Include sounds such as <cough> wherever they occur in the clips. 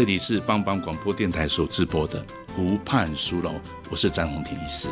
這裡是幫幫廣播電台所直播的湖畔書樓，我是詹弘廷醫師。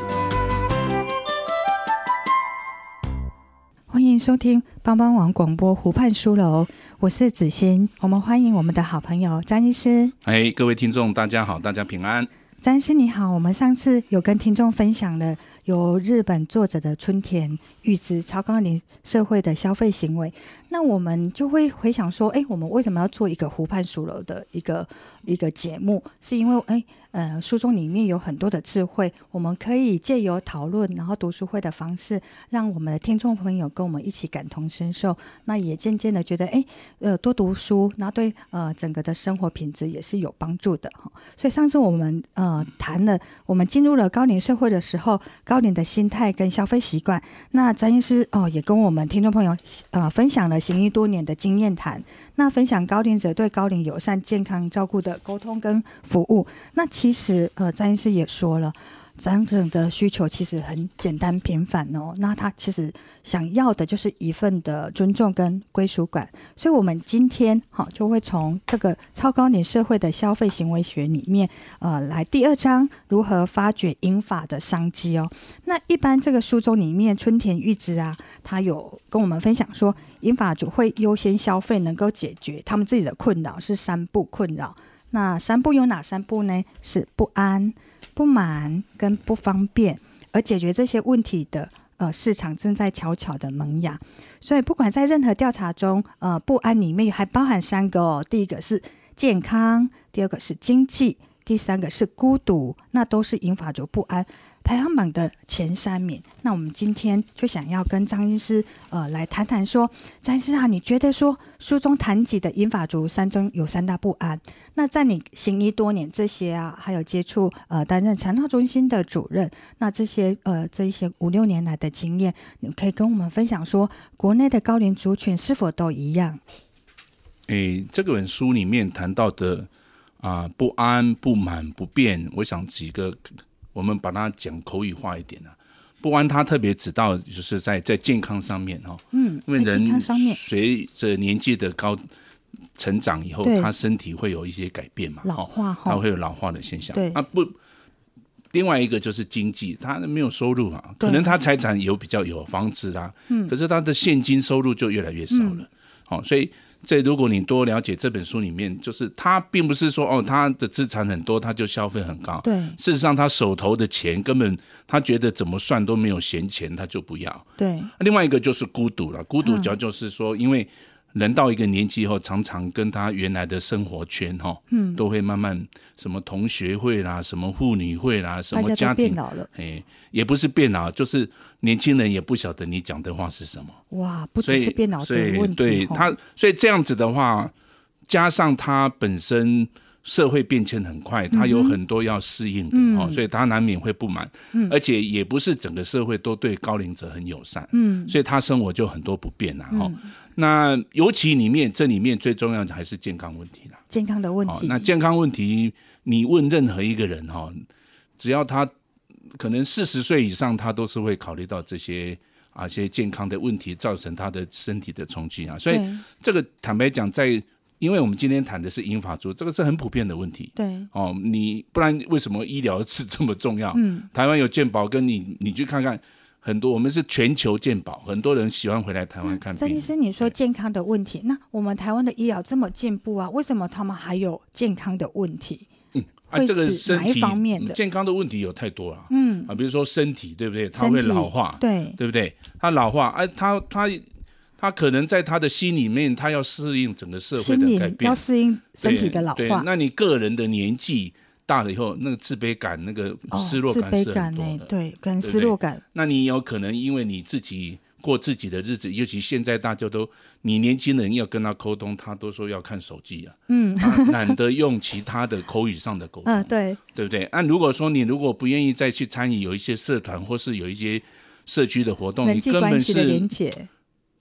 歡迎收聽幫幫網廣播湖畔書樓，我是子鑫。我們歡迎我們的好朋友詹醫師。哎，各位聽眾大家好，大家平安。詹醫師你好，我們上次有跟聽眾分享了。由日本作者的村田裕之超高齡社會的消費行為，那我們就會回想說，哎、欸，我們為什麼要做一個湖畔書樓的一個一個節目？是因為，誒、欸，呃，書中裡面有很多的智慧，我們可以借由討論，然後讀書會的方式，讓我們的聽眾朋友跟我們一起感同身受。那也漸漸的覺得，哎、欸，呃，多讀書，那對呃整個的生活品質也是有幫助的哈。所以上次我們呃談了，我們進入了高齡社會的時候，高齡的心態跟消費習慣，那詹醫師哦，也跟我們聽眾朋友啊、呃、分享了行醫多年的經驗談，那分享高齡者對高齡友善健康照顧的溝通跟服務，那其實呃詹醫師也說了。長者的需求其實很簡單平凡哦，那他其實想要的就是一份的尊重跟歸屬感。所以，我們今天好就會從這個超高齡社會的消費行為學裡面，呃，來第二章如何發掘銀髮的商機哦。那一般這個書中裡面，村田裕之啊，他有跟我們分享說，銀髮族會優先消費能夠解決他們自己的困擾，是三不困擾。那三不有哪三不呢？是不安。不滿跟不方便，而解決這些問題的，呃，市場正在悄悄的萌芽。所以，不管在任何調查中，呃，不安裡面還包含三個哦，第一個是健康，第二個是經濟，第三個是孤獨。那都是引發着不安排行榜的前三名。那我們今天就想要跟詹醫師，呃，來談談說，詹醫師啊，你覺得說書中談及的銀髮族三中有三大不安？那在你行醫多年，這些啊，還有接觸呃，擔任長照中心的主任，那這些呃，這一些五六年來的經驗，你可以跟我們分享說，國內的高齡族群是否都一樣？誒，這本書裡面談到的啊、呃，不安、不滿、不便，我想幾個。我們把它講口語化一點、啊、不安他特別指到，就是在在健康上面哈，嗯，在健康上面、哦，嗯、因為人隨着年紀的高成長以後，他身體會有一些改變嘛，老化他會有老化的現象。對，啊不，另外一個就是經濟，他沒有收入嘛，可能他財產有比較有房子啦、啊嗯，可是他的現金收入就越來越少了，好、嗯哦，所以。這如果你多了解這本書裡面，就是他並不是說哦，他的資產很多，他就消費很高。對，事實上他手頭的錢根本他覺得怎麼算都沒有閒錢，他就不要。對，另外一個就是孤獨了。孤獨主要就是說，嗯、因為。人到一個年紀以後，常常跟他原來的生活圈哈、嗯，都會慢慢什麼同學會啦，什麼婦女會啦，什麼家庭變哎、欸，也不是變老，就是年輕人也不曉得你講的話是什麼。哇，不只是變老的問題，所以對他，所以這樣子的話，加上他本身社會變遷很快，嗯、他有很多要適應的哦、嗯。所以他難免會不滿、嗯，而且也不是整個社會都對高齡者很友善，嗯，所以他生活就很多不便啊哈。嗯那尤其裡面，這裡面最重要的還是健康問題啦。健康的問題。哦、那健康問題，你問任何一個人哈、哦，只要他可能四十歲以上，他都是會考慮到這些啊，一些健康的問題造成他的身體的衝擊啊。所以這個坦白講，在因為我們今天談的是銀髮族，這個是很普遍的問題。對。哦，你不然為什麼醫療是這麼重要？嗯，台灣有健保，跟你你去看看。很多我們是全球健保，很多人喜歡回來台灣看病。詹、嗯、醫師，你說健康的問題，那我們台灣的醫療這麼進步啊，為什麼他們還有健康的問題？嗯，啊，這個是身體哪一方面的健康的問題有太多了、啊。嗯，啊，比如說身體，對不對？他會老化，對，對不對？他老化，哎、啊，他他他，他可能在他的心裡面，他要適應整個社會的改變，要適應身體的老化。對，那你個人的年紀，大了以後，那個自卑感、那個失落感是很多的。哦，自卑感欸、對，跟失落感對對。那你有可能因為你自己過自己的日子，尤其現在大家都，你年輕人要跟他溝通，他都說要看手機啊，嗯，懶、啊、 <laughs> 得用其他的口語上的溝通，嗯、對對不對？那、啊、如果說你如果不願意再去參與有一些社團或是有一些社區的活動，你根本是、關係的連結、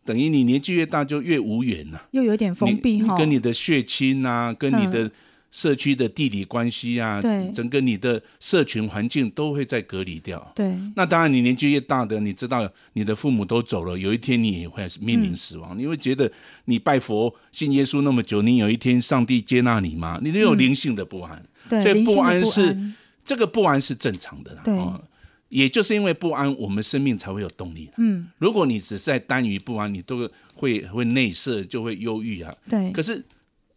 等於你年紀越大就越無緣吶、啊，又有點封閉、哦、你跟你的血親啊，跟你的、嗯。社區的地理關係啊，對，整個你的社群環境都會在隔離掉。對，那當然，你年紀越大的，你知道你的父母都走了，有一天你也會面臨死亡，嗯、你會覺得你拜佛、信耶穌那麼久，你有一天上帝接納你嗎？你都有靈性的不安，對、嗯，所以不安是不安這個不安是正常的，對、哦，也就是因為不安，我們生命才會有動力，嗯，如果你只在耽於不安，你都會會內射，就會憂鬱啊。對，可是。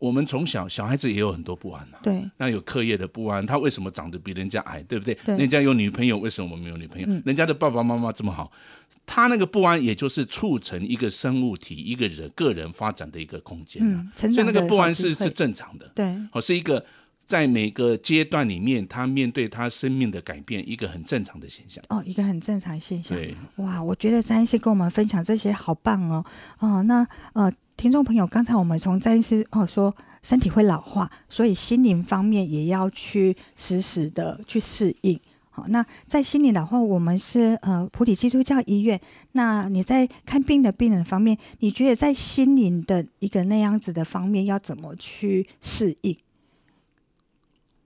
我們從小小孩子也有很多不安吶、啊，對，那有課業的不安，他為什麼長得比人家矮，對不對？對，人家有女朋友，為什麼我們沒有女朋友、嗯？人家的爸爸媽媽這麼好，他那個不安也就是促成一個生物體一個人個人發展的一個空間、啊、嗯，所以那個不安是是正常的，對，哦，是一個在每個階段裡面他面對他生命的改變一個很正常的現象，哦，一個很正常的現象，對，哇，我覺得詹醫師跟我們分享這些好棒哦，哦，那呃。聽眾朋友，剛才我們從詹醫師哦，說身體會老化，所以心靈方面也要去實時的去適應。好，那在心靈老化，我們是呃埔基基督教醫院。那你在看病的病人方面，你覺得在心靈的一個那樣子的方面要怎麼去適應？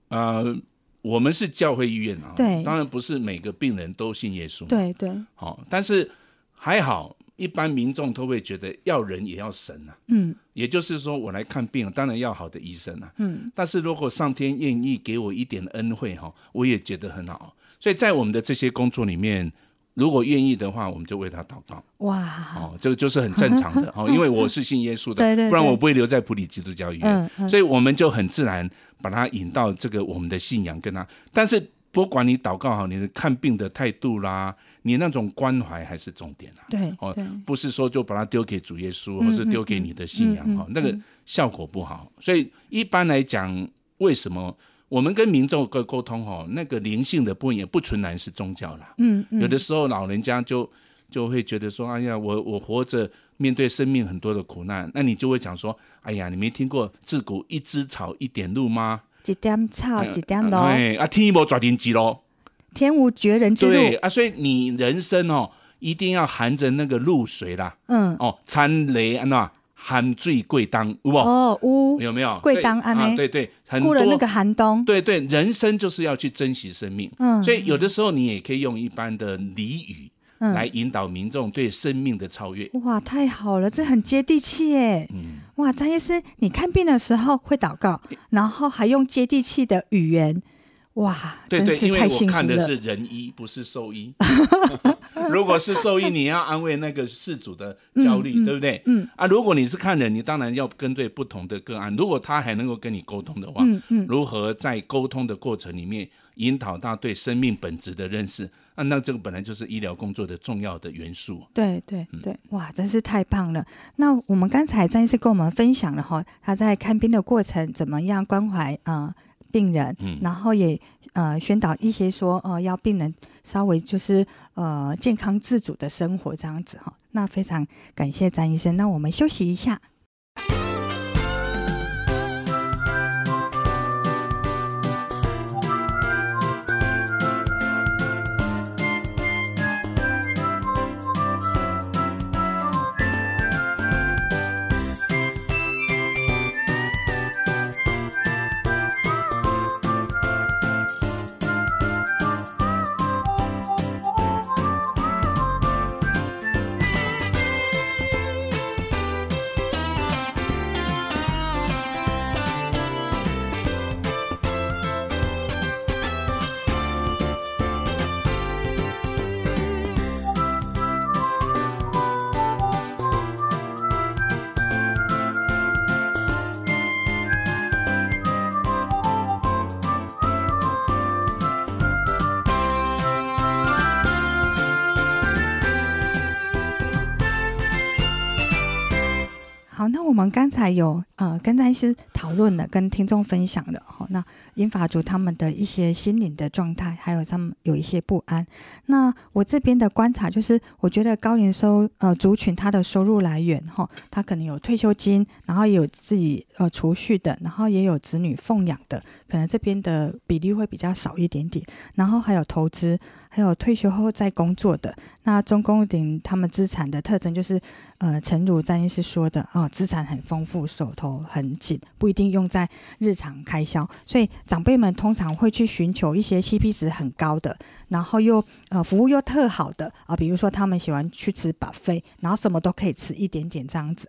呃，我們是教會醫院啊，對，當然不是每個病人都信耶穌，對對，好，但是還好。一般民眾都會覺得要人也要神吶、啊，嗯，也就是說我來看病，當然要好的醫生啊，嗯，但是如果上天願意給我一點恩惠哈，我也覺得很好。所以在我們的這些工作裡面，如果願意的話，我們就為他禱告。哇，哦，這個就是很正常的哦， <laughs> 因為我是信耶穌的， <laughs> 對，對對，不然我不會留在埔里基督教醫院、嗯，所以我們就很自然把他引到這個我們的信仰跟他，但是。不管你禱告好，你的看病的態度啦，你那種關懷還是重點啊。對，哦，不是說就把它丟給主耶穌，嗯嗯嗯嗯、或是丟給你的信仰哈、嗯嗯嗯，那個效果不好。所以一般來講，為什麼我們跟民眾的溝通哦，那個靈性的部分也不純然是宗教啦。嗯，嗯有的時候老人家就就會覺得說，哎呀，我我活着面對生命很多的苦難，那你就會講說，哎呀，你沒聽過自古一枝草一點露嗎？一點草，一點露。哎、嗯，啊，天無絕人之路。天無絕人之路。啊，所以你人生哦，一定要含着那個露水啦。嗯。哦，田螺啊嘛，含水過冬，唔好。哦。有，有沒有過冬啊啊？對對，對，過了那個寒冬。對，對對，人生就是要去珍惜生命。嗯。所以有的時候你也可以用一般的俚語。來引導民眾對生命的超越。嗯、哇，太好了，這很接地氣哎、嗯！哇，詹醫師，你看病的時候會禱告，嗯、然後還用接地氣的語言。哇，對對太，因為我看的是人醫，不是獸醫。 <laughs> <laughs> 如果是獸醫，你要安慰那個事主的焦慮、嗯嗯，對不對？嗯啊，如果你是看人，你當然要跟對不同的個案。如果他還能夠跟你溝通的話，嗯嗯，如何在溝通的過程裡面引導他對生命本質的認識？啊，那這個本來就是醫療工作的重要的元素。對對對、嗯，哇，真是太棒了。那我們剛才詹醫生跟我們分享了齁，他在看病的過程怎麼樣關懷啊？呃病人，然後也呃宣導一些說，呃要病人稍微就是呃健康自主的生活這樣子哈。那非常感謝詹醫生，那我們休息一下。好，那我們剛才有呃，跟大家討論了，跟聽眾分享了。吼，那銀髮族他們的一些心靈的狀態，還有他們有一些不安。那我這邊的觀察就是，我覺得高齡收呃族群他的收入來源吼，他可能有退休金，然後也有自己呃儲蓄的，然後也有子女奉養的。可能這邊的比例會比較少一點點，然後還有投資，還有退休後再工作的。那中共點他們資產的特徵就是，呃，誠如詹醫師說的，哦、呃，資產很豐富，手頭很緊，不一定用在日常開銷。所以長輩們通常會去尋求一些 CP 值很高的，然後又呃服務又特好的啊、呃，比如說他們喜歡去吃 buffet，然後什麼都可以吃一點點這樣子。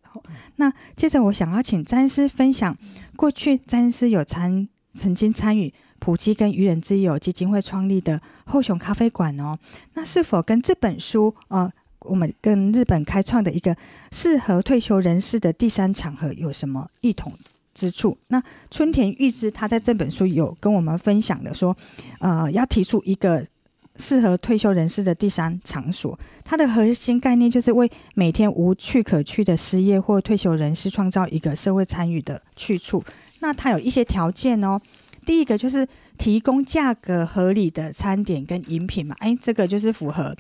那接着我想要請詹醫師分享，過去詹醫師有參。曾經參與埔基跟愚人之友基金會創立的厚熊咖啡館哦，那是否跟這本書呃，我們跟日本開創的一個適合退休人士的第三場合有什麼異同之處？那村田裕之他在這本書有跟我們分享的說，呃，要提出一個適合退休人士的第三場所，它的核心概念就是為每天無處可去的失業或退休人士創造一個社會參與的去處。那它有一些條件哦，第一個就是提供價格合理的餐點跟飲品嘛，誒、欸，這個就是符合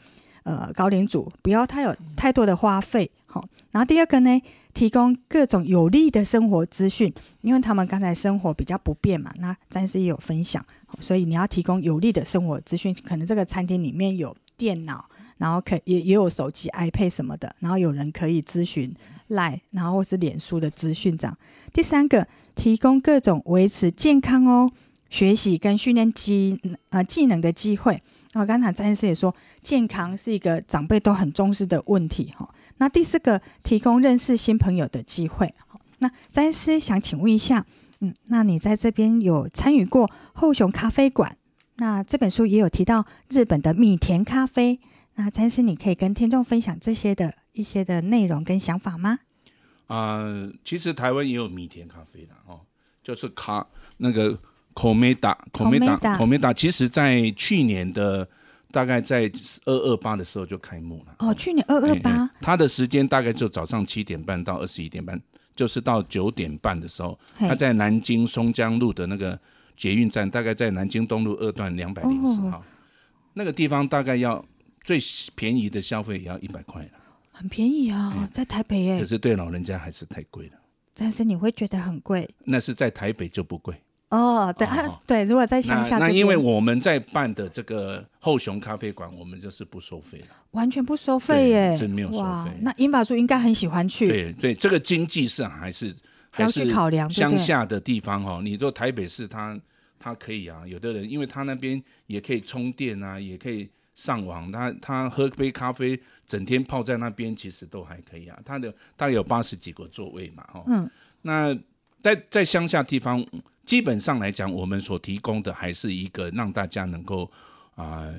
呃高齡組不要太有太多的花費，好、哦。然後第二個呢，提供各種有利的生活資訊，因為他們剛才生活比較不便嘛，那詹醫師也有分享，所以你要提供有利的生活資訊，可能這個餐廳裡面有電腦，然後可也也有手機、iPad 什麼的，然後有人可以諮詢 Line，然後或是臉書的資訊這樣。第三個。提供各種維持健康哦、學習跟訓練技、呃、技能的機會。那剛才詹醫師也說，健康是一個長輩都很重視的問題哈。那第四個，提供認識新朋友的機會。那詹醫師想請問一下，嗯，那你在這邊有參與過厚熊咖啡館？那這本書也有提到日本的米田咖啡。那詹醫師，你可以跟聽眾分享這些的一些的內容跟想法嗎？啊、呃，其實台灣也有米田咖啡的哦，就是咖那個口美達、口美達、口美達。其實在去年的大概在二二八的時候就開幕了。哦，去年二二八，它的時間大概就早上七點半到二十一點半，就是到九點半的時候，它在南京松江路的那個捷運站，大概在南京東路二段兩百零四號哦哦哦，那個地方，大概要最便宜的消費也要一百塊了很便宜啊、哦嗯，在台北耶、欸。可是對老人家還是太貴了。但是你會覺得很貴。那是在台北就不貴哦，對、啊、哦對，如果在鄉下那。那因為我們在辦的這個厚熊咖啡館，我們就是不收費了，完全不收費哎、欸，是沒有收費。那英法叔應該很喜歡去。對對，這個經濟上還是，還是要去考量，鄉下的地方哦，你說台北市它，他他可以啊，有的人因為他那邊也可以充電啊，也可以。上網，他他喝杯咖啡，整天泡在那邊，其實都還可以啊。他的他的有八十幾個座位嘛，哈、哦。嗯。那在在鄉下地方，基本上來講，我們所提供的還是一個讓大家能夠啊、呃，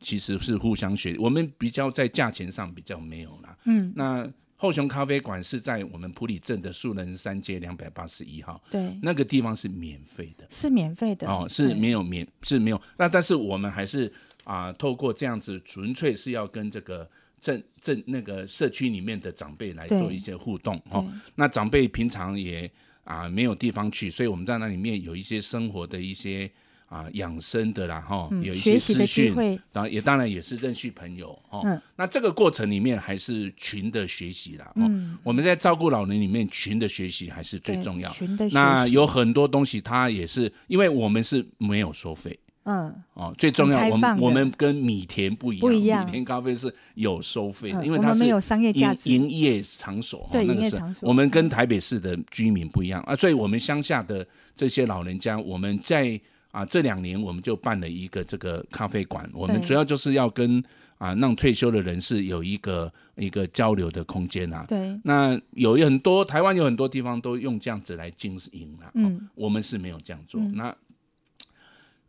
其實是互相學。我們比較在價錢上比較沒有啦。嗯。那後雄咖啡館是在我們埔里鎮的樹人三街兩百八十一號。對。那個地方是免費的。是免費的。哦，是沒有免是沒有，那但是我們還是。啊，透過這樣子，純粹是要跟這個鎮鎮那個社區裡面的長輩來做一些互動哦，那長輩平常也啊沒有地方去，所以我們在那裡面有一些生活的一些啊養生的啦哈、哦嗯，有一些資訊啊，然後也當然也是認識朋友哦、嗯，那這個過程裡面還是群的學習啦、嗯。哦，我們在照顧老人裡面群的學習還是最重要的。那有很多東西，它也是因為我們是沒有收費。嗯，哦，最重要的我們我們跟米田不一樣，不一樣，米田咖啡是有收費、嗯，因為它是、嗯、沒有商業價值，營業場所，對，那個是我們跟台北市的居民不一樣、嗯、啊，所以我們鄉下的這些老人家，我們在啊這兩年我們就辦了一個這個咖啡館，我們主要就是要跟啊讓退休的人士有一個一個交流的空間啊。對，那有很多台灣有很多地方都用這樣子來經營了，嗯、哦，我們是沒有這樣做，嗯、那。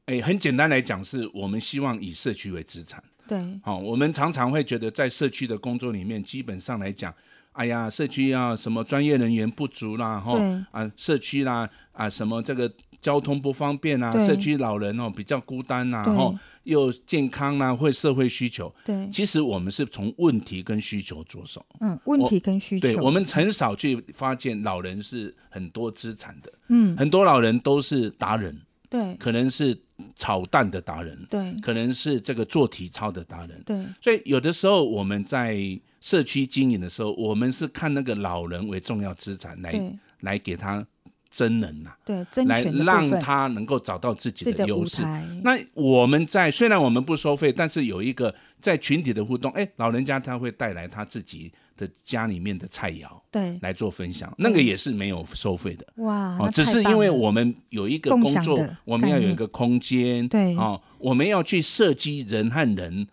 哎，很簡單來講，是我們希望以社區為資產。對，好、哦，我們常常會覺得在社區的工作裡面，基本上來講，哎呀，社區啊，什麼專業人員不足啦，吼啊，社區啦啊，啊，什麼這個交通不方便啊，社區老人哦比較孤單啊，吼又健康啊，或社會需求。對，其實我們是從問題跟需求着手。嗯，問題跟需求，我對我們很少去發現老人是很多資產的。嗯，很多老人都是達人。對，可能是炒蛋的達人，對，可能是這個做體操的達人，對。所以有的時候我們在社區經營的時候，我們是看那個老人為重要資產來來給他增能吶、啊，對，增能，來讓他能夠找到自己的優勢。那我們在雖然我們不收費，但是有一個在群體的互動，哎，老人家他會帶來他自己的家裡面的菜餚，對，來做分享，那個也是沒有收費的。哇，只是因為我們有一個工作，我們要有一個空間，對哦，我們要去設計人和人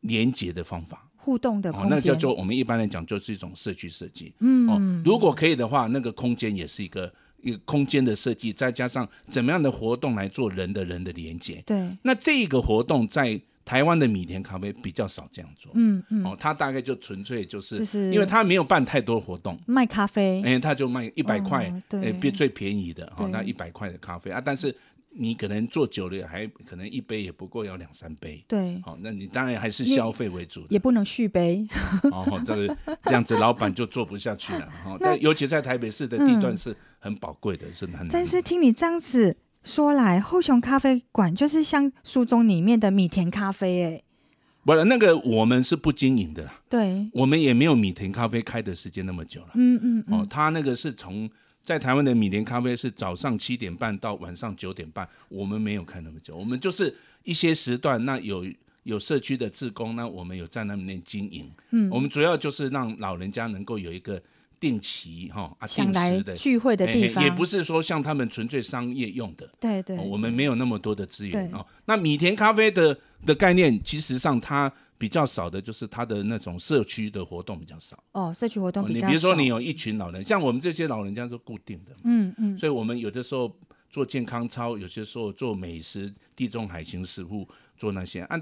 連接的方法，互動的空間、哦、那叫做我們一般來講就是一種社區設計。嗯，哦，如果可以的話，那個空間也是一個一個空間的設計，再加上怎麼樣的活動來做人的人的連接。對，那這個活動在。台灣的米田咖啡比較少這樣做，嗯嗯，哦，他大概就純粹、就是、就是，因為他沒有辦太多活動，賣咖啡，哎、欸，他就賣一百塊，哎、嗯，最、欸、最便宜的，好、哦，那一百塊的咖啡啊，但是你可能做久了，還可能一杯也不夠要兩三杯，對，好、哦，那你當然還是消費為主的，也不能續杯、嗯，哦，這個這樣子，老板就做不下去了，好、 <laughs> 哦，尤其在台北市的地段是很寶貴的、嗯，是很寶貴的，但是聽你這樣子。說來，後雄咖啡館就是像書中裡面的米田咖啡、欸，誒，不是那個我們是不經營的，對，我們也沒有米田咖啡開的時間那麼久了，嗯嗯，嗯，哦，他那個是從在台灣的米田咖啡是早上七點半到晚上九點半，我們沒有開那麼久，我們就是一些時段，那有有社區的志工，那我們有在那裡面經營，嗯，我們主要就是讓老人家能夠有一個。定期哈啊，定時的聚會的地方，也不是說像他們純粹商業用的，對對，對、哦，我們沒有那麼多的資源、哦、那米田咖啡的的概念，其實上它比較少的就是它的那種社區的活動比較少。哦，社區活動比較少。哦、你比如說，你有一群老人、嗯，像我們這些老人家是固定的，嗯嗯，所以我們有的時候做健康操，有些時候做美食，地中海型食物，做那些、啊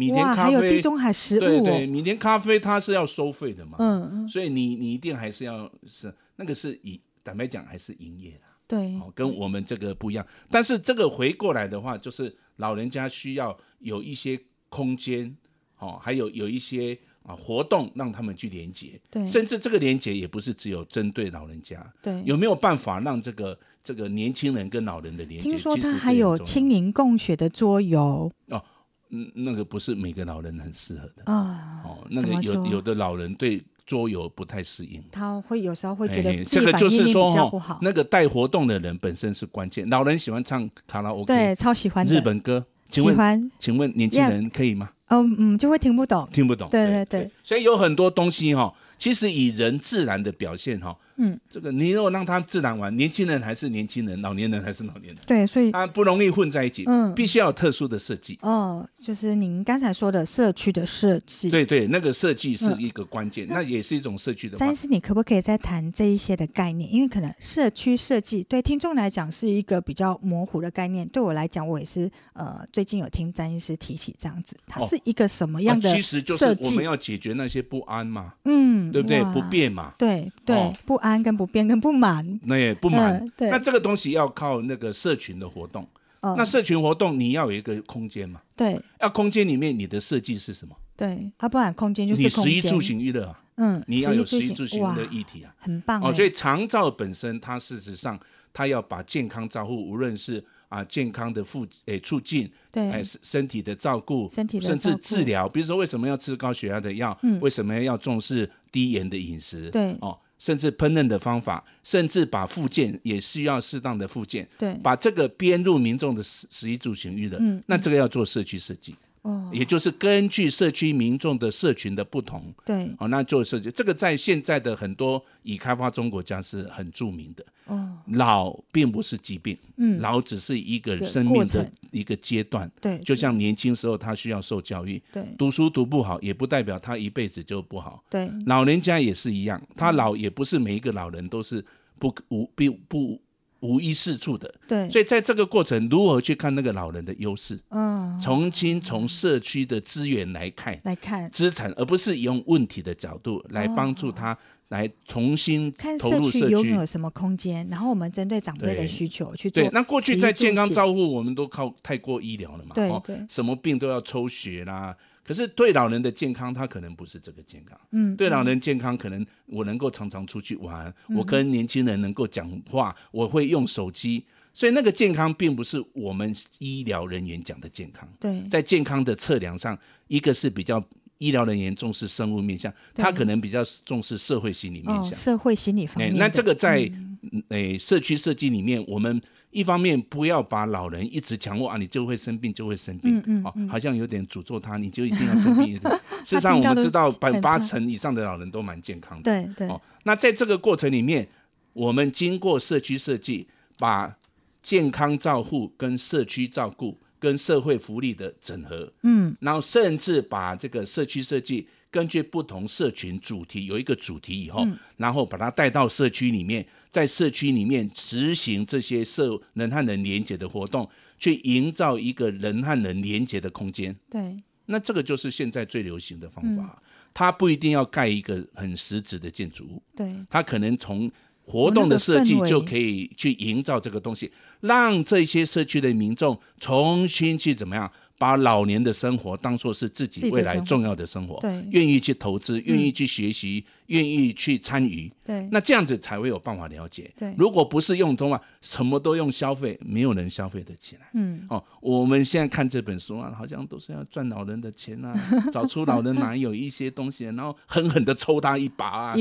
米田咖啡，還有地中海食物哦、對，對對，米田咖啡它是要收費的嘛，嗯嗯，所以你你一定還是要是那個是以，坦白講還是營業啦，對，哦，跟我們這個不一樣，但是這個回過來的話，就是老人家需要有一些空間，哦，還有有一些啊活動讓他們去連接，對，甚至這個連接也不是只有針對老人家，對，有沒有辦法讓這個這個年輕人跟老人的連接？聽說他還有青銀共學的桌遊哦。嗯，那個不是每個老人很適合的哦，哦，那個有有，有的老人對桌遊不太適應，他會有時候會覺得應應嘿嘿這個就是說應應、哦、那個帶活動的人本身是關鍵、嗯。老人喜歡唱卡拉 OK，對，超喜歡的。日本歌。請問，請問年輕人可以嗎？嗯嗯，就會聽不懂，聽不懂。對對對，對，對，所以有很多東西哈，其實以人自然的表現哈。嗯，這個你如果讓他自然玩，年輕人還是年輕人，老年人還是老年人，對，所以他不容易混在一起，嗯，必須要有特殊的設計哦，就是您剛才說的社區的設計，對對，那個設計是一個關鍵，嗯、那，那也是一種社區的。詹醫師，你可不可以再談這一些的概念？因為可能社區設計對聽眾來講是一個比較模糊的概念，對我來講，我也是呃最近有聽詹醫師提起這樣子，它是一個什麼樣的、哦啊？其實就是我們要解決那些不安嘛，嗯，對不對？不便嘛，對對、哦、不安。跟不便跟不滿，那也不滿、嗯。對，那這個東西要靠那個社群的活動。哦、呃，那社群活動你要有一個空間嘛？對。要空間裡面你的設計是什麼？對，它不然空間就是你食衣住行娛樂、啊。嗯，你要有食衣住行，嗯、食衣住行的議題啊，很棒、欸。哦，所以長照本身它事實上它要把健康照護，無論是啊健康的附、欸、促誒促進，對，哎、欸、身身體的照顧，身體的甚至治療，比如說為什麼要吃高血壓的藥？嗯，為什麼要重視低鹽的飲食？對，哦。甚至烹飪的方法，甚至把復健，也需要適當的復健，把這個編入民眾的食食衣住行育樂，嗯，那這個要做社區設計。哦，也就是根據社區民眾的社群的不同，對，哦，那做，就，社，是，這個在現在的很多已開發中國家是很著名的。哦，老並不是疾病，嗯，老只是一個生命的一個階段，對，就像年輕時候他需要受教育，對，對讀書讀不好也不代表他一輩子就不好，對，老人家也是一樣，他老也不是每一個老人都是不無病不。不不無一是處的，對，所以在這個過程，如何去看那個老人的優勢？嗯、哦，重新從社區的資源來看，來看資產，而不是用問題的角度來幫助他來重新投入社區，有沒有什麼空間，然後我們針對長輩的需求去做。對，那過去在健康照護，我們都靠太過醫療了嘛，對，對，什麼病都要抽血啦。可是對老人的健康，他可能不是這個健康。嗯，對老人健康，嗯、可能我能夠常常出去玩，嗯，我跟年輕人能夠講話，我會用手機，所以那個健康並不是我們醫療人員講的健康。對，在健康的測量上，一個是比較醫療人員重視生物面向，他可能比較重視社會心理面向，哦、社會心理方面、哎。那這個在誒、嗯哎、社區設計裡面，我們。一方面不要把老人一直強迫啊，你就會生病，就會生病，哦、嗯嗯嗯，好像有點詛咒他，你就一定要生病。 <laughs> 事實上，我們知道八八成以上的老人都蠻健、嗯嗯、健康的。對，對哦，那在這個過程裡面，我們經過社區設計，把健康照護跟社區照顧跟社會福利的整合，嗯，然後甚至把這個社區設計，根據不同社群主題，有一個主題以後，嗯，然後把它帶到社區裡面，在社區裡面執行這些社人和人連接的活動，去營造一個人和人連接的空間。對，那這個就是現在最流行的方法。嗯，它不一定要蓋一個很實質的建築物，對，它可能從活動的設計就可以去營造這個東西，讓這些社區的民眾重新去怎麼樣？把老年的生活當作是自己未來重要的生活，願意去投資，願意去學習，願、嗯、意去參與。那這樣子才會有辦法了解。如果不是用通啊，什麼都用消費，沒有人消費得起來。嗯，哦，我們現在看這本書啊，好像都是要賺老人的錢啊， <laughs> 找出老人哪、啊、有一些東西，然後狠狠地抽他一把啊，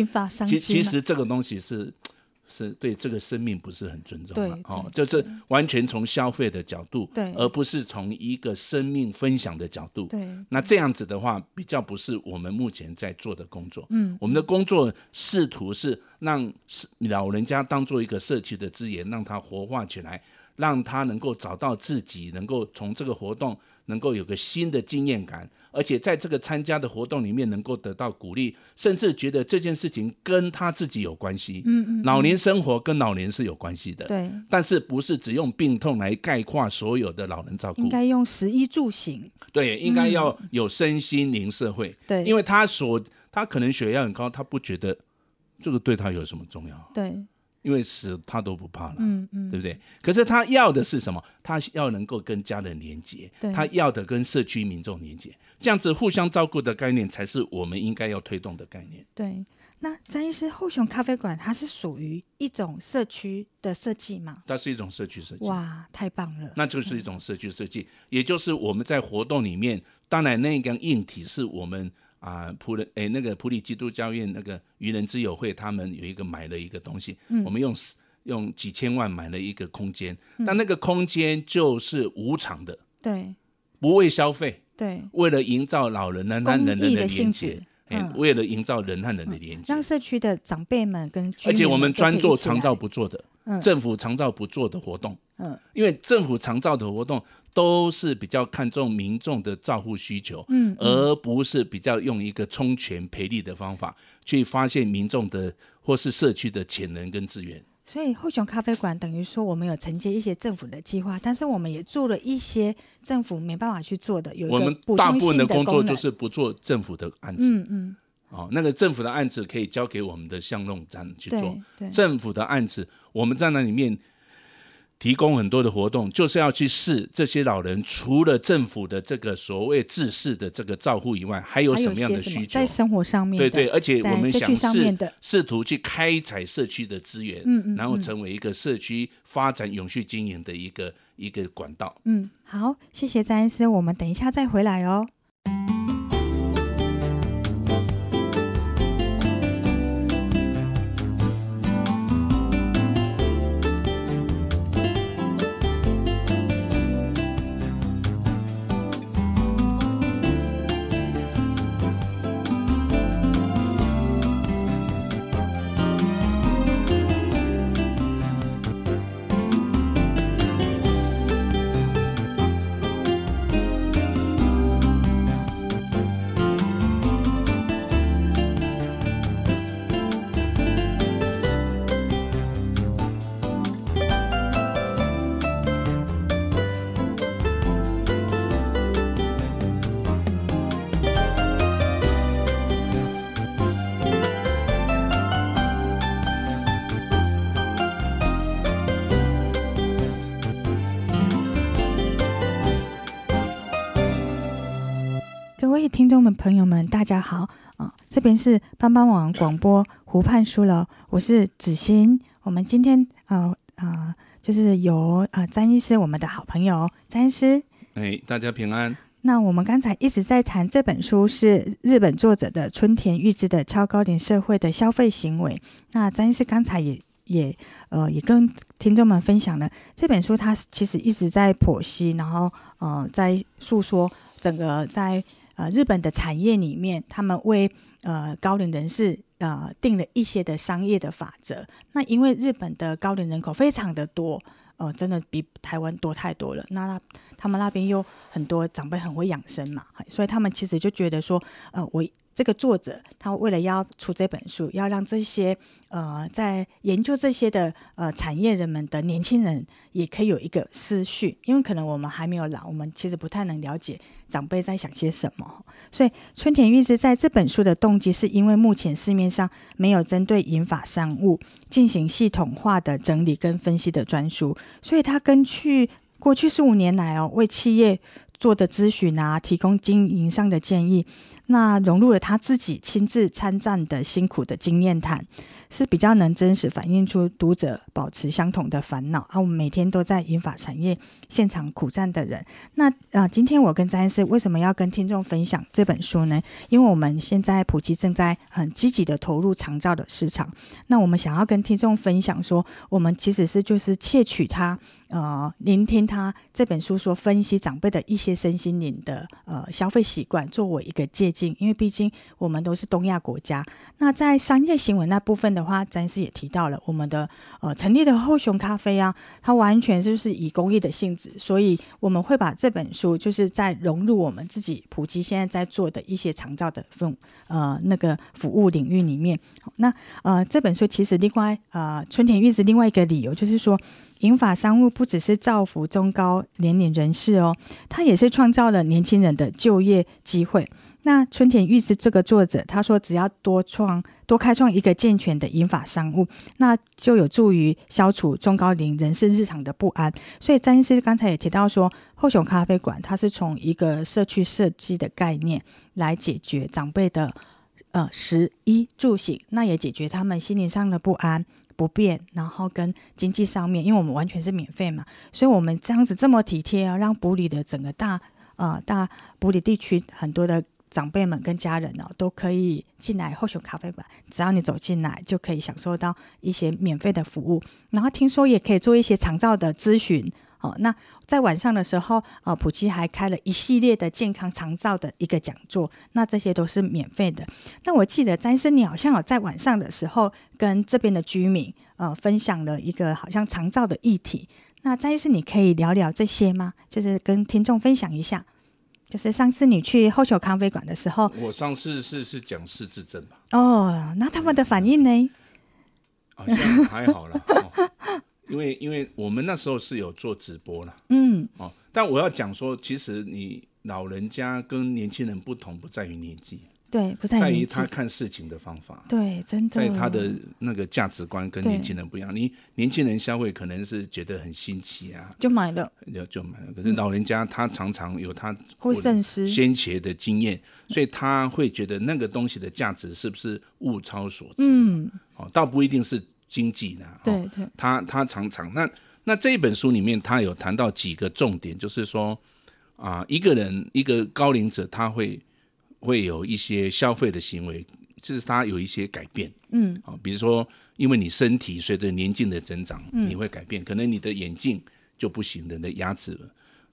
其 <laughs> 其實這個東西是。是對這個生命不是很尊重的，了哦，就是完全從消費的角度，對，而不是從一個生命分享的角度。對，那這樣子的話，比較不是我們目前在做的工作。嗯，我們的工作試圖是讓是老人家當做一個社區的資源，讓他活化起來，讓他能夠找到自己，能夠從這個活動能夠有個新的經驗感。而且在這個參加的活動裡面，能夠得到鼓勵，甚至覺得這件事情跟他自己有關係。嗯，嗯嗯。老年生活跟老年是有關係的。對。但是不是只用病痛來概括所有的老人照顧？應該用食衣住行。對，應該要有身心靈社會。對，嗯，因為他所他可能血壓很高，他不覺得這個對他有什麼重要。對。因為死他都不怕了，嗯嗯，對不對？可是他要的是什麼？他要能夠跟家人連接，對，他要的跟社區民眾連接，這樣子互相照顧的概念才是我們應該要推動的概念。對，那詹醫師，厚熊咖啡館它是屬於一種社區的設計嘛？它是一種社區設計，哇，太棒了！那就是一種社區設計，嗯、也就是我們在活動裡面，當然那一個硬體是我們。啊，普人哎、欸，那個埔里基督教院那個愚人之友會，他們有一個買了一個東西，嗯、我們用用幾千萬買了一個空間、嗯，但那個空間就是無償的，對、嗯，不為消費，對，為了營造老人的、那人的連接，哎、嗯欸嗯，為了營造人和人的連接、嗯，讓社區的長輩們跟居民們，而且我們專做長照不做的，嗯，嗯政府長照不做的活動，嗯，嗯因為政府長照的活動。都是比較看重民眾的照護需求嗯，嗯，而不是比較用一個充權培力的方法去發現民眾的或是社區的潛能跟資源。所以後雄咖啡館等於說，我們有承接一些政府的計劃，但是我們也做了一些政府沒辦法去做的。有的我們大部分的工作就是不做政府的案子，嗯嗯，哦，那個政府的案子可以交給我們的巷弄站去做，對，對政府的案子，我們在那裡面，提供很多的活動，就是要去試這些老人，除了政府的這個所謂制式的這個照護以外，還有什麼樣的需求？在生活上面。對，對對，而且我們想試試圖去開採社區的資源，嗯嗯嗯，然後成為一個社區發展永續經營的一個一個管道。嗯，好，謝謝詹醫師，我們等一下再回來哦。聽眾們，朋友們，大家好啊、呃！這邊是幫幫網廣播湖畔書樓，我是子鑫。我們今天啊啊、呃呃，就是由啊詹、呃、醫師，我們的好朋友詹醫師。哎，大家平安。那我們剛才一直在談這本書，是日本作者的村田裕之的《超高齡社會的消費行為》。那詹醫師剛才也也呃也跟聽眾們分享了這本書，他其實一直在剖析，然後呃在訴說整個在。啊、呃，日本的產業裡面，他們為呃高齡人士呃定了一些的商業的法則。那因為日本的高齡人口非常的多，呃，真的比台灣多太多了。那他們那邊又很多長輩很會養生嘛，所以他們其實就覺得說，呃，我。這個作者他為了要出這本書，要讓這些呃在研究這些的呃產業人們的年輕人也可以有一個思緒，因為可能我們還沒有老，我們其實不太能了解長輩在想些什麼。所以村田裕之在這本書的動機是因為目前市面上沒有針對銀髮商務進行系統化的整理跟分析的專書，所以他根據過去十五年來哦為企業做的諮詢啊，提供經營上的建議。那融入了他自己親自參戰的辛苦的經驗談，是比較能真實反映出讀者保持相同的煩惱啊。我們每天都在銀髮產業現場苦戰的人，那啊，今天我跟詹醫師為什麼要跟聽眾分享這本書呢？因為我們現在埔基正在很積極的投入長照的市場，那我們想要跟聽眾分享說，我們其實是就是竊取他。呃，聆聽他這本書說分析長輩的一些身心靈的呃消費習慣，作為一個借鑑，因為畢竟我們都是東亞國家。那在商業新聞那部分的話，詹醫師也提到了我們的呃成立的後熊咖啡啊，它完全就是以公益的性質，所以我們會把這本書就是在融入我們自己普及現在在做的一些長照的這種呃那個服務領域裡面。那呃這本書其實另外呃村田裕之是另外一個理由，就是說，銀髮商務不只是造福中高年齡人士哦，它也是創造了年輕人的就業機會。那村田裕之這個作者他說，只要多創多開創一個健全的銀髮商務，那就有助於消除中高齡人士日常的不安。所以詹醫師剛才也提到說，厚熊咖啡館它是從一個社區設計的概念來解決長輩的呃食衣住行，那也解決他們心靈上的不安、不便，然後跟經濟上面，因為我們完全是免費嘛，所以我們這樣子這麼體貼啊，讓埔里的整個大呃大埔里地區很多的長輩們跟家人哦、啊，都可以進來後選咖啡館，只要你走進來就可以享受到一些免費的服務，然後聽說也可以做一些長照的諮詢。哦，那在晚上的時候，呃，埔基還開了一系列的健康長照的一個講座，那這些都是免費的。那我記得詹醫生，你好像有在晚上的時候跟這邊的居民，呃，分享了一個好像長照的議題。那詹醫生，你可以聊聊這些嗎？就是跟聽眾分享一下。就是上次你去後球咖啡館的時候，我上次是是講失智症吧？哦，那他們的反應呢？嗯，啊，還好啦。 <laughs> 因為因為我們那時候是有做直播啦，嗯，哦，但我要講說，其實你老人家跟年輕人不同，不在於年紀，對，不在，在於他看事情的方法，對，真的，在他的那個價值觀跟年輕人不一樣。你年輕人消費可能是覺得很新奇啊，就買了，就就買了。可是老人家、嗯、他常常有他會先前的經驗，所以他會覺得那個東西的價值是不是物超所值，啊？嗯，哦，倒不一定是。經濟呢？哦、對，對他他常常那、那這一本書裡面，他有談到幾個重點，就是說啊、呃，一個人一個高齡者，他會會有一些消費的行為，就是他有一些改變，嗯，啊、哦，比如說因為你身體隨着年紀的增長、嗯，你會改變，可能你的眼睛就不行，你的牙齒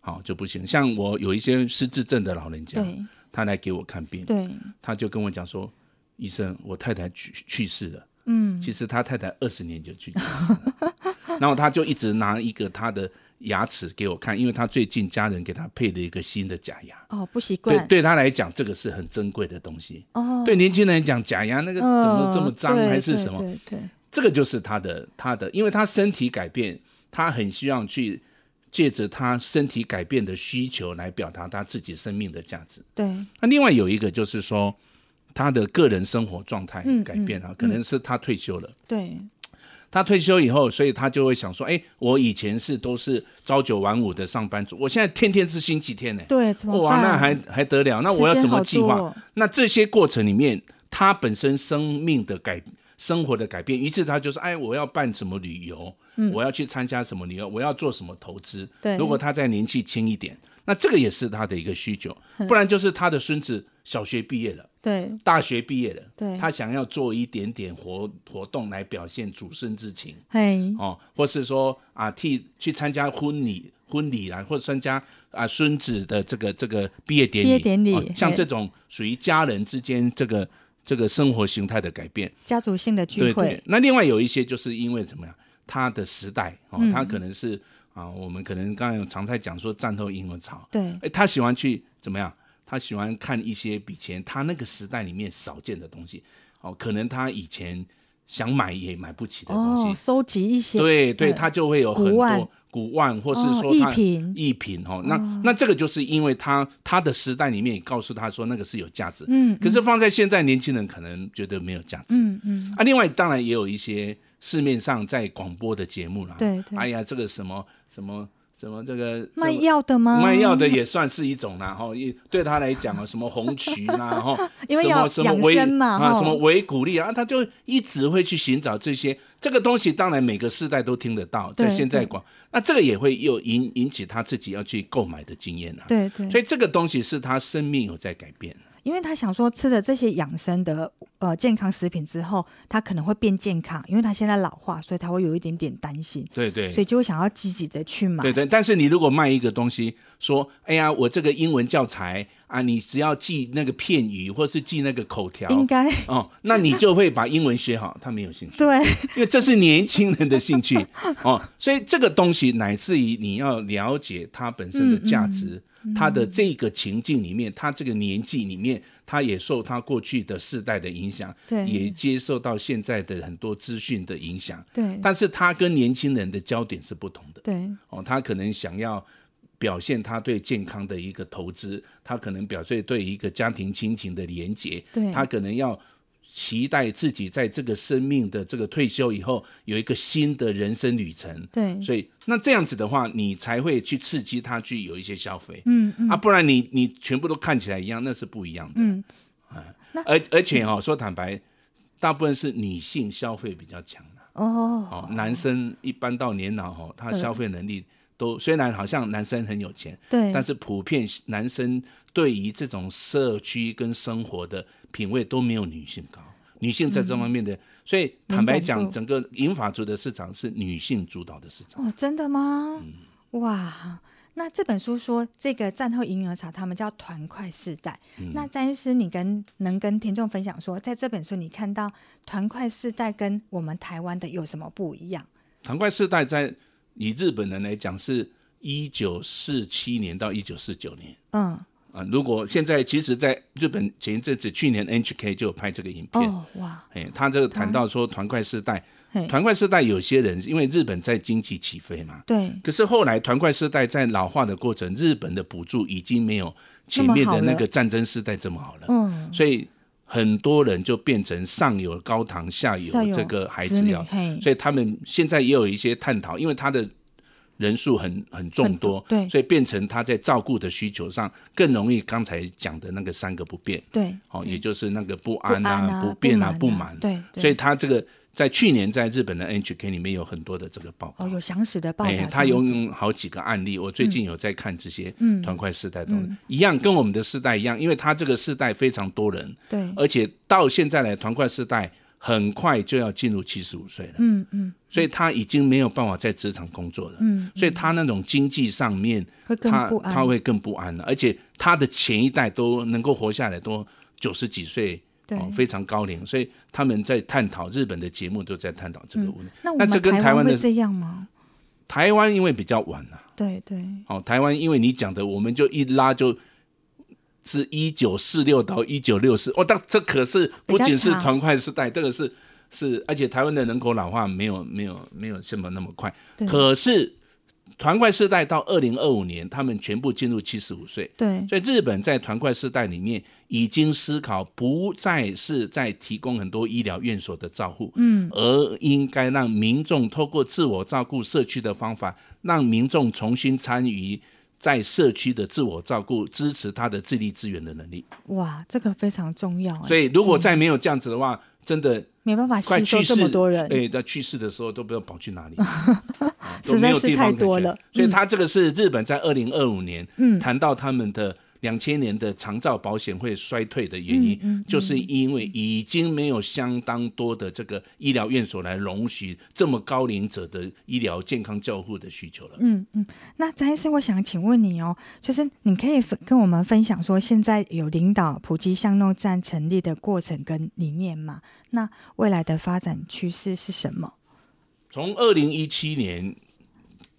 好、哦、就不行。像我有一些失智症的老人家，他來給我看病，對，他就跟我講說，醫生，我太太去去世了。嗯，其實他太太二十年就去世了，然後他就一直拿一個他的牙齒給我看，因為他最近家人給他配了一個新的假牙。哦，不習慣。對，對他來講，這個是很珍貴的東西。哦，對年輕人講假牙那個怎麼這麼髒，還是什麼？對對。這個就是他的他的，因為他身體改變，他很希望去借着他身體改變的需求來表達他自己生命的價值。對。那另外有一個就是說。他的個人生活狀態改變了、啊嗯嗯，可能是他退休了、嗯嗯。對，他退休以後，所以他就會想說：“哎、欸，我以前是都是朝九晚五的上班族，我現在天天是星期天呢、欸。”對，怎麼辦？哇，那還還得了？那我要怎麼計劃、哦？那這些過程裡面，他本身生命的改生活的改變，於是他就是：“哎，我要辦什麼旅遊、嗯？我要去參加什麼旅遊？我要做什麼投資？”對，如果他再年紀輕一點、嗯，那這個也是他的一個需求。不然就是他的孫子小學畢業了。嗯對，大學畢業了，對，他想要做一點點活活動來表現祖孫之情，嘿，哦，或是說啊，替去參加婚禮，婚禮啊，或者參加啊孫子的這個這個畢業典禮、畢業典禮、哦，像這種屬於家人之間這個這個生活形態的改變，家族性的聚會對對對。那另外有一些就是因為怎麼樣，他的時代哦、嗯，他可能是啊、哦，我們可能剛才有常在講說戰後嬰兒潮，對，哎、欸，他喜歡去怎麼樣？他喜歡看一些以前他那個時代裡面少見的東西，哦，可能他以前想買也買不起的東西，收、哦、集一些。對對，他就會有很多古玩，或是說藝、哦、品，藝品哦。那哦那這個就是因為他他的時代裡面告訴他說那個是有價值嗯，嗯，可是放在現在年輕人可能覺得沒有價值，嗯嗯。啊，另外當然也有一些市面上在廣播的節目啦，對，對哎呀，這個什麼什麼。什麼這個麼賣藥的嗎？賣藥的也算是一種啦，哈、 <laughs> 哦！也對他來講啊， <laughs> 啊，什麼紅麴啊，哈，什麼什麼維啊，什麼維骨力啊，他就一直會去尋找這些這個東西。當然，每個世代都聽得到，在現在講，那這個也會又引引起他自己要去購買的經驗啊。對對，所以這個東西是他生命有在改變。因為他想說吃了這些養生的呃健康食品之後，他可能會變健康。因為他現在老化，所以他會有一點點擔心。對對，所以就會想要積極的去買。對對，但是你如果賣一個東西，說哎呀，我這個英文教材啊，你只要記那個片語或是記那個口條，應該哦，那你就會把英文學好。他沒有興趣，對，因為這是年輕人的興趣 <laughs> 哦，所以這個東西乃至於你要了解它本身的價值。嗯嗯他的這個情境裡面，嗯、他這個年紀裡面，他也受他過去的世代的影響，對，也接受到現在的很多資訊的影響，對，但是，他跟年輕人的焦點是不同的，對，哦，他可能想要表現他對健康的一個投資，他可能表現對一個家庭親情的連接，對，他可能要。期待自己在這個生命的這個退休以後有一個新的人生旅程。對，所以那這樣子的話，你才會去刺激他去有一些消費。嗯，嗯。啊，不然你你全部都看起來一樣，那是不一樣的。嗯。而、啊、而且哈、哦嗯，說坦白，大部分是女性消費比較強哦。哦，男生一般到年老哈、哦，他消費能力都雖然好像男生很有錢，對，但是普遍男生。對於這種社區跟生活的品味都沒有女性高，女性在這方面的，嗯、所以坦白講，整個銀髮族的市場是女性主導的市場哦，的、嗯這個嗯、的哦，真的嗎？哇，那這本書說這個戰後嬰兒潮，他們叫團塊世代。嗯、那詹醫師，你跟能跟聽眾分享說，在這本書你看到團塊世代跟我們台灣的有什麼不一樣？團塊世代在以日本人來講是1947年到1949年，嗯。啊，如果現在其實，在日本前一陣子去年 NHK 就有拍這個影片。哇，哎，他這個談到說團塊世代，團塊世代有些人因為日本在經濟起飛嘛，對，可是後來團塊世代在老化的過程，日本的補助已經沒有前面的那個戰爭世代這麼好了麼好，嗯，所以很多人就變成上有高堂，下有這個孩子要，子所以他們現在也有一些探討，因為他的。人數很很眾多很，對，所以變成他在照顧的需求上更容易剛才講的那個三個不便，對，哦，也就是那個不安啊、不，啊不便啊、不滿、啊啊，對，所以他這個在去年在日本的 NHK 裡面有很多的這個報告。哦，有詳細的報道、欸，他有好幾個案例，我最近有在看這些團塊世代東西，同、嗯、一樣跟我們的世代一樣，因為他這個世代非常多人，對，而且到現在來團塊世代。很快就要進入七十五歲了，嗯嗯，所以他已經沒有辦法在職場工作了，嗯，嗯，所以他那種經濟上面，他他會更不安了，啊，而且他的前一代都能夠活下來都90，都九十幾歲，非常高齡，所以他們在探討日本的節目都在探討這個問題。嗯，那這跟台灣的這樣嗎？台灣因為比較晚了，啊，對對，對，哦，台灣因為你講的，我們就一拉就。是一九四六到一九六四，哦，但這可是不僅是團塊世代，這個是是，而且台灣的人口老化沒有沒有沒有這麼那麼快。對。可是團塊世代到二零二五年，他們全部進入七十五歲。對。所以日本在團塊世代裡面已經思考，不再是在提供很多醫療院所的照護，嗯，而應該讓民眾透過自我照顧社區的方法，讓民眾重新參與。在社區的自我照顧，支持他的自立支援的能力。哇，這個非常重要、欸。所以，如果再沒有這樣子的話，嗯、真的快去世沒辦法吸收這麼多人。對、欸，在去世的時候都不用跑去哪裡， <laughs> 實在是、嗯、沒有地方太多了。嗯、所以，他這個是日本在二零二五年，嗯，談到他們的。兩千年的長照保險會衰退的原因，就是因為已經沒有相當多的這個醫療院所來容許這麼高齡者的醫療健康教護的需求了。嗯嗯，那詹醫師，我想請問你哦，就是你可以跟我們分享說，現在有領導普及巷弄站成立的過程跟理念嗎？那未來的發展趨勢是什麼？從二零一七年，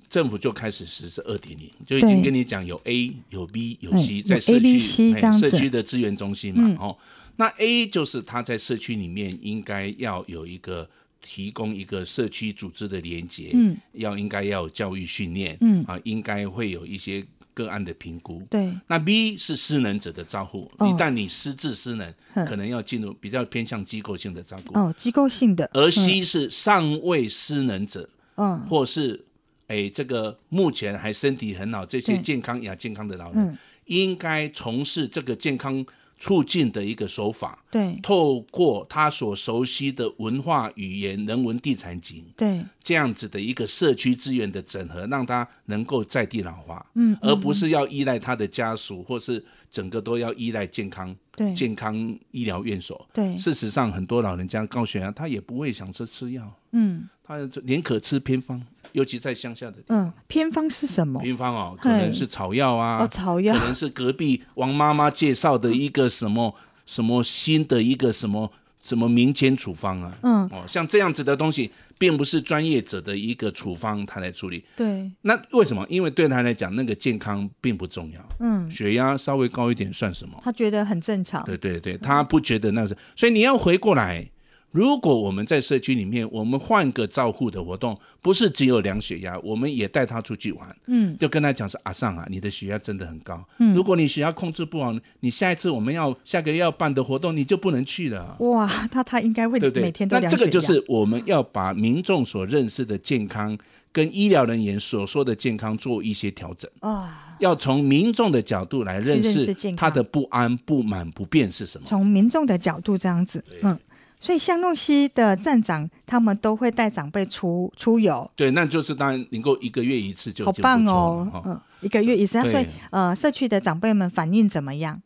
政府就開始實施二點零，就已經跟你講有 A 有 B 有 C 在社區社區的資源中心嘛，嗯，哦，那 A 就是他在社區裡面應該要有一個提供一個社區組織的連接，嗯，要應該要有教育訓練，嗯啊，應該會有一些個案的評估，對，嗯，那 B 是失能者的照顧，一旦你失智失能，哦，可能要進入比較偏向機構性的照顧哦，機構性的，嗯，而 C 是尚未失能者，嗯，哦，或是。哎，這個目前還身體很好，這些健康亞健康的老人，應該從事這個健康促進的一個手法，對、嗯，透過他所熟悉的文化語言、人文地產景，對，這樣子的一個社區資源的整合，讓他能夠在地老化，嗯，嗯，而不是要依賴他的家屬或是。整個都要依賴健康、對健康醫療院所對。事實上很多老人家高血壓，他也不會想說吃藥，嗯，他寧可吃偏方，尤其在鄉下的地方，嗯，偏方是什麼？偏方哦，可能是草藥啊，草藥，可能是隔壁王媽媽介紹的一個什麼、嗯、什麼新的一個什麼。什麼民間處方啊？嗯，哦，像這樣子的東西，並不是專業者的一個處方，他來處理。對，那為什麼？因為對他來講，那個健康並不重要。嗯，血壓稍微高一點算什麼？他覺得很正常。對對對，他不覺得那是。嗯，所以你要回過來。如果我們在社區裡面，我們換個照護的活動，不是只有量血壓，我們也帶他出去玩。嗯，就跟他講說，阿尚啊，你的血壓真的很高。嗯，如果你血壓控制不好，你下一次我們要下個月要辦的活動，你就不能去了。哇，他他應該會對對每天都量血壓。那這個就是我們要把民眾所認識的健康，跟醫療人員所說的健康做一些調整啊、哦，要從民眾的角度來認識，認識他的不安、不滿、不便是什麼？從民眾的角度這樣子，嗯。所以，巷弄 C 的站長他們都會帶長輩出出遊。對，那就是當然能夠一個月一次就了。好棒哦！嗯、呃，一個月一次，所以呃，社區的長輩們反應怎麼樣？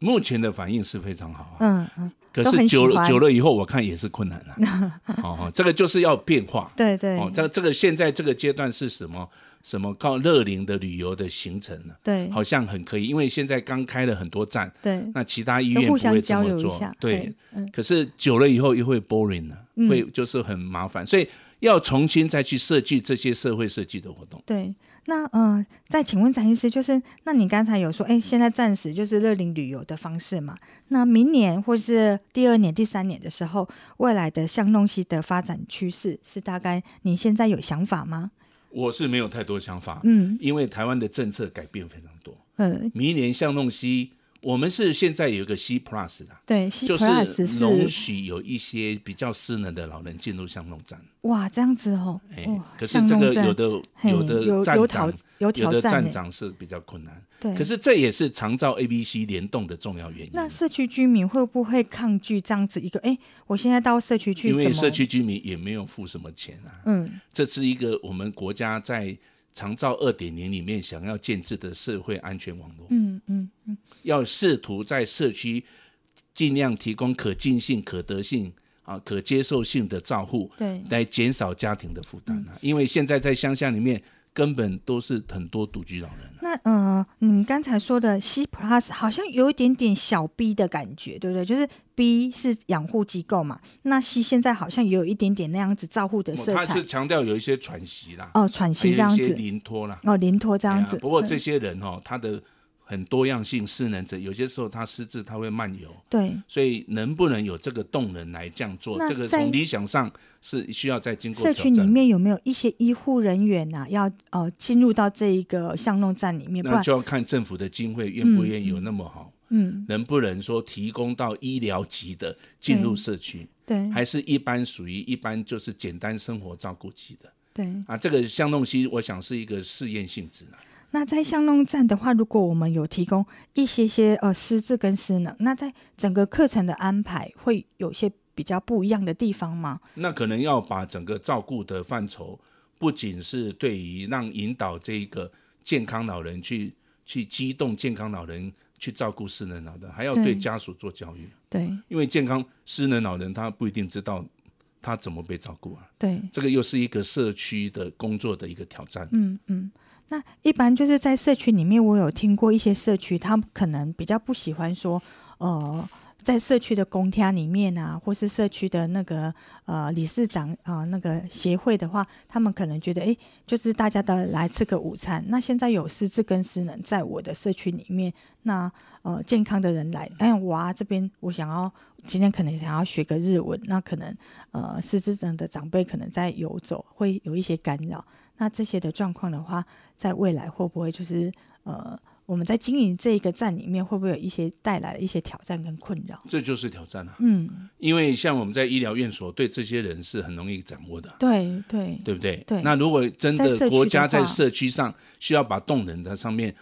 目前的反應是非常好啊。嗯嗯。可是久了久了以後，我看也是困難了、啊。好 <laughs> 好、哦，這個就是要變化。對對。這、哦、這個現在這個階段是什麼？什麼靠樂齡的旅遊的行程呢、啊？對，好像很可以，因為現在剛開了很多站。對。那其他醫院就會這麼做這互相交流一下。對、嗯。可是久了以後又會 boring 了、啊嗯，會就是很麻煩，所以要重新再去設計這些社會設計的活動。對，那呃，再請問詹醫師，就是那你剛才有說，哎，現在暫時就是樂齡旅遊的方式嘛？那明年或是第二年、第三年的時候，未來的相東西的發展趨勢是大概你現在有想法嗎？我是沒有太多想法，嗯，因為台灣的政策改變非常多，嗯，明年像弄西。我們是現在有一個 C Plus 的，對，就是容許有一些比較失能的老人進入巷弄站。哇，這樣子哦，欸、可是這個有的有的站長有，有，有，挑戰有的站長是比較困難。可是這也是長照 ABC 聯動的重要原因。那社區居民會不會抗拒這樣子一個？哎、欸，我現在到社區去，因為社區居民也沒有付什麼錢啊。嗯，這是一個我們國家在。長照二點零裡面想要建制的社會安全網絡，嗯嗯嗯，要試圖在社區儘量提供可近性、可得性啊、可接受性的照護，對，來減少家庭的負擔啊，因為現在在鄉下裡面。根本都是很多獨居老人、啊。那嗯、呃，你剛才說的 C Plus 好像有一點點小 B 的感覺，對不對？就是 B 是養護機構嘛，那 C 現在好像也有一點點那樣子照護的色彩。哦、他是強調有一些喘息啦，哦，喘息這樣子，臨托啦，哦，臨托這樣子、啊。不過這些人哦，嗯、他的。很多樣性失能者，有些時候他失智，他會漫遊。對，所以能不能有這個動能來這樣做？這個從理想上是需要再經過。社區裡面有沒有一些醫護人員吶、啊？要呃進入到這一個巷弄站裡面？那就要看政府的經費願、嗯、不願意有那麼好。嗯。能不能說提供到醫療級的進入社區？對。還是一般屬於一般就是簡單生活照顧級的？對。啊，這個巷弄 C 我想是一個試驗性質那在巷弄站的話，如果我們有提供一些些呃失智跟失能，那在整個課程的安排會有些比較不一樣的地方嗎？那可能要把整個照顧的範疇，不僅是對於讓引導這個健康老人去去激動健康老人去照顧失能老人，還要對家屬做教育。對，對，因為健康失能老人他不一定知道他怎麼被照顧啊。對，這個又是一個社區的工作的一個挑戰。嗯嗯。那一般就是在社區裡面，我有聽過一些社區，他們可能比較不喜歡說，呃。在社區的公廳裡面啊，或是社區的那個呃理事長啊、呃、那個協會的話，他們可能覺得，哎，就是大家都來吃個午餐。那現在有失智跟失能在我的社區裡面，那呃健康的人來，哎，我這邊我想要今天可能想要學個日文，那可能呃失智症的長輩可能在遊走，會有一些干擾。那這些的狀況的話，在未來會不會就是呃？我們在經營這個站裡面，會不會有一些帶來了一些挑戰跟困擾？這就是挑戰了啊。嗯，因為像我們在醫療院所對這些人是很容易掌握的。對對，對不對？對。那如果真的，的國家在社區上需要把動能在上面，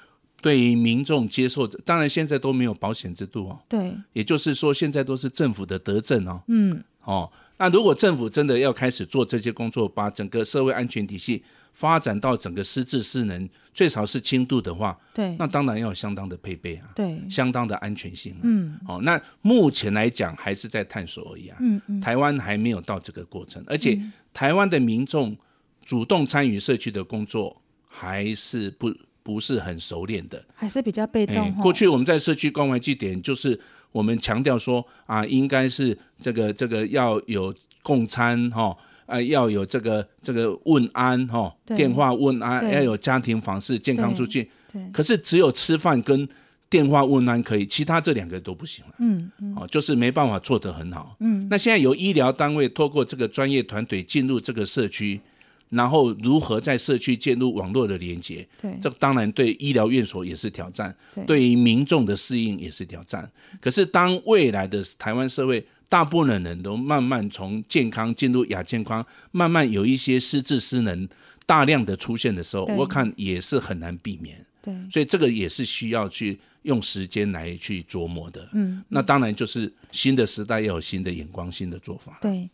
對於民眾接受，當然現在都沒有保險制度哦。對。也就是說，現在都是政府的德政哦。嗯。哦，那如果政府真的要開始做這些工作，把整個社會安全體系。發展到整個失智失能，最少是輕度的話，對，那當然要有相當的配備啊，對，相當的安全性啊。嗯，哦，那目前來講還是在探索而已啊。嗯嗯。台灣還沒有到這個過程，嗯、而且台灣的民眾主動參與社區的工作、嗯、還是不不是很熟練的，還是比較被動。欸、過去我們在社區關懷據點，就是我們強調說啊，應該是這個這個要有共餐哈。啊、呃，要有這個這個問安哈、哦，電話問安，要有家庭訪視、健康促進。可是只有吃飯跟電話問安可以，其他這兩個都不行了，嗯嗯，哦，就是沒辦法做得很好。嗯，那現在有醫療單位透過這個專業團隊進入這個社區，然後如何在社區建立網絡的連接？對，這當然對醫療院所也是挑戰，對，對於民眾的適應也是挑戰。可是當未來的台灣社會。大部分人都慢慢從健康進入亞健康，慢慢有一些失智失能大量的出現的時候，我看也是很難避免。對，所以這個也是需要去用時間來去琢磨的。嗯，那當然就是新的時代要有新的眼光、新的做法。對。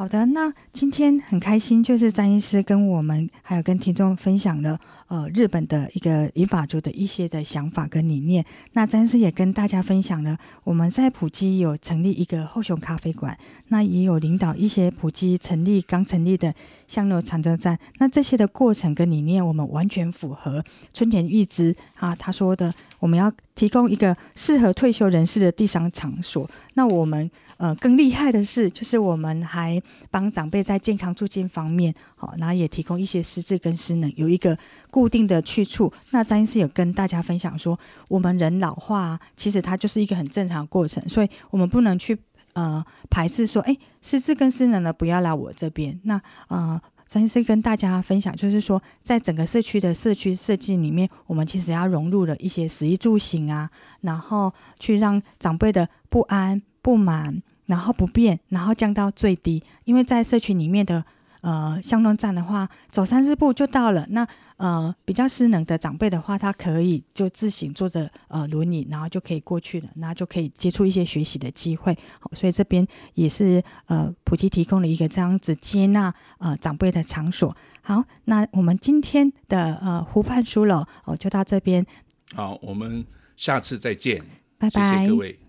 好的，那今天很開心，就是詹醫師跟我們還有跟聽眾分享了，呃，日本的一個銀髮族的一些的想法跟理念。那詹醫師也跟大家分享了，我們在埔基有成立一個後熊咖啡館，那也有領導一些埔基成立剛成立的巷弄長照站，那這些的過程跟理念我們完全符合村田裕之啊他說的。我們要提供一個適合退休人士的第三場所。那我們呃更厲害的是，就是我們還幫長輩在健康促進，方面，好、哦，然後也提供一些失智跟失能有一個固定的去處。那詹醫師有跟大家分享說，我們人老化、啊、其實它就是一個很正常的過程，所以我們不能去呃排斥說，哎，失智跟失能呢不要來我這邊。那呃。三是跟大家分享，就是說，在整個社區的社區設計裡面，我們其實要融入了一些食衣住行啊，然後去讓長輩的不安、不滿、然後不便，然後降到最低，因為在社區裡面的。呃，巷弄站的話，走三四步就到了。那呃，比較失能的長輩的話，他可以就自行坐着呃輪椅，然後就可以過去了，然後就可以接觸一些學習的機會。好，所以這邊也是呃，埔基提供了一個這樣子接納呃長輩的場所。好，那我們今天的呃湖畔書樓哦，就到這邊。好，我們下次再見，拜拜，謝謝各位。